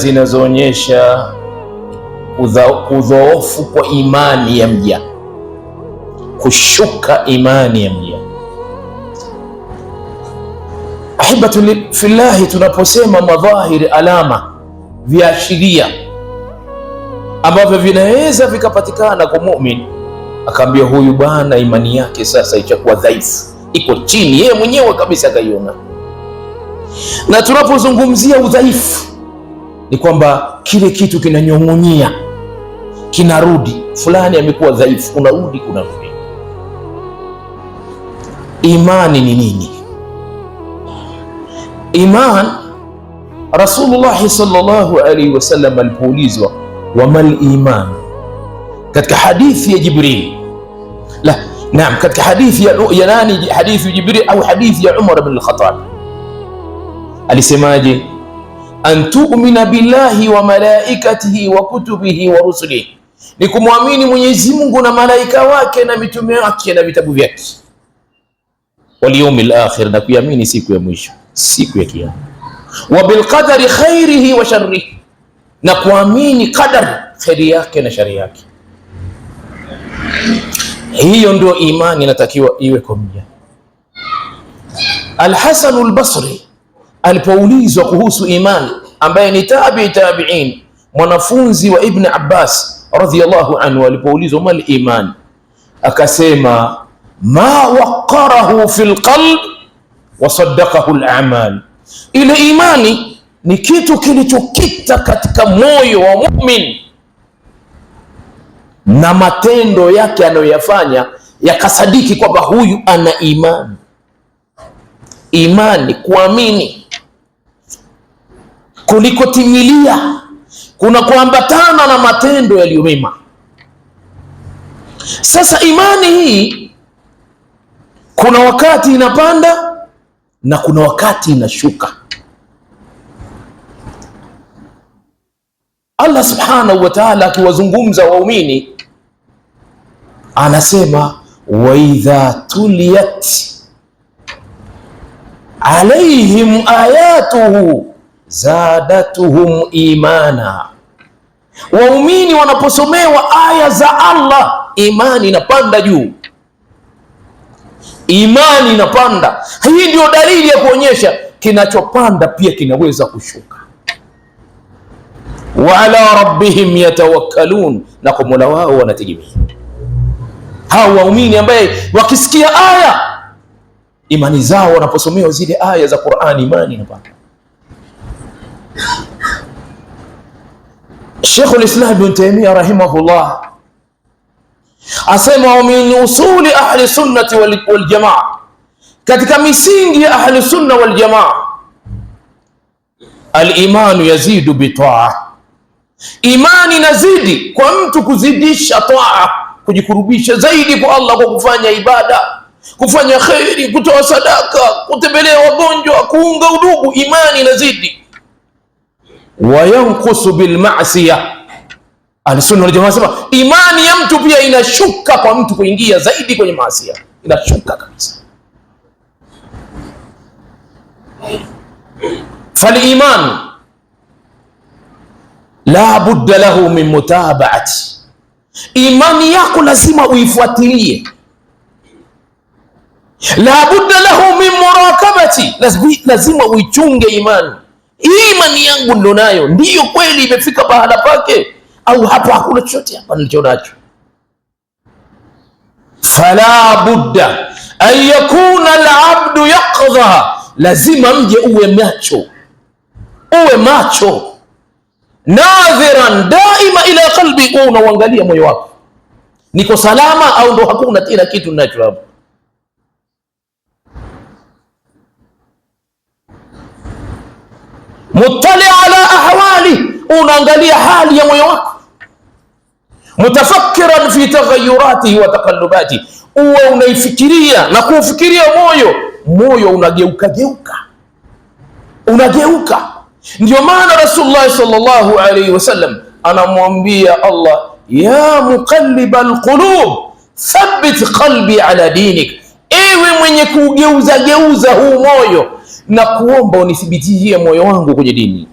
zinazoonyesha kudhoofu kwa imani ya mja, kushuka imani ya mja. Ahibatu fillahi, tunaposema madhahiri, alama, viashiria ambavyo vinaweza vikapatikana kwa mumin akaambia huyu bwana imani yake sasa ichakuwa dhaifu, iko chini, yeye mwenyewe kabisa akaiona. Na tunapozungumzia udhaifu ni kwamba kile kitu kinanyong'onyea, kinarudi. Fulani amekuwa dhaifu, kunarudi, kunarudi. Imani ni nini? Iman, Rasulullah sallallahu alaihi wasallam alipoulizwa mal iman, katika hadithi ya Jibril la naam, katika hadithi ya, ya nani? Hadithi ya Jibril au hadithi ya Umar bin al-Khattab, alisemaje? an tu'mina billahi wa malaikatihi wa kutubihi wa rusulihi, ni kumwamini Mwenyezi Mungu na malaika wake na mitume wake na vitabu vyake, wal yawmil akhir, na kuamini siku ya mwisho, siku ya Kiyama, wa bil qadari khairihi wa sharrihi, na kuamini qadar, kheri yake na shari yake. Hiyo ndio imani inatakiwa iwe kwa mja. Al-Hasan al-Basri alipoulizwa kuhusu imani, ambaye ni tabi tabiin, mwanafunzi wa Ibn Abbas radhiyallahu anhu, alipoulizwa mal imani, akasema ma waqarahu fi lqalb wasadakahu lamal, ile imani ni kitu kilichokita katika moyo wa mumin na matendo yake anayoyafanya yakasadiki kwamba huyu ana imani. Imani kuamini kulikotimilia kuna kuambatana na matendo yaliyo mema. Sasa imani hii kuna wakati inapanda na kuna wakati inashuka. Allah subhanahu wa ta'ala akiwazungumza waumini anasema, wa idha tuliyat alaihim ayatuhu zadatuhum imana. Waumini wanaposomewa aya za Allah, imani inapanda juu, imani inapanda. Hii ndio dalili ya kuonyesha kinachopanda pia kinaweza kushuka. wa ala rabbihim yatawakkalun, na kwa mola wao wanategemea. Hawa waumini ambaye wakisikia aya imani zao wanaposomewa zile aya za Qur'ani, imani inapanda Sheikhul Islam Ibn Taymiyyah rahimahullah asema, min usuli ahli sunnati wal jamaa, katika misingi ya ahli sunna wal jamaa, al yazidu bitaa taa, imani nazidi kwa mtu kuzidisha taa, kujikurubisha zaidi kwa Allah kwa kufanya ibada, kufanya kheri, kutoa sadaka, kutembelea wagonjwa, kuunga udugu, imani nazidi wa yanqusu bil ma'siyah. wal jamaa sema imani ya mtu pia inashuka kwa mtu kuingia zaidi kwenye maasi, inashuka kabisa. Fal iman la budda lahu min mutabaati, imani yako lazima uifuatilie. La budda lahu min murakabati, lazima uichunge imani hii imani yangu ndo nayo ndiyo kweli imefika pahala pake, au hapo hakuna chochote hapa nilicho nacho. Fala budda an yakuna alabdu yaqdha, lazima mje uwe macho, uwe macho nadhiran daima ila qalbi, kuwa unauangalia moyo wako niko salama au ndo hakuna tena kitu ninacho hapo muttali ala ahwali, unaangalia hali ya moyo wako. Mutafakkiran fi taghayyuratihi wa taqallubatihi, uwe unaifikiria na kuufikiria moyo. Moyo unageuka geuka, unageuka. Ndio maana Rasulullah sallallahu alayhi wasallam anamwambia Allah, ya muqalliba alqulub thabbit qalbi ala dinik, ewe mwenye kuugeuza geuza huu moyo na kuomba unithibitie moyo wangu kwenye dini.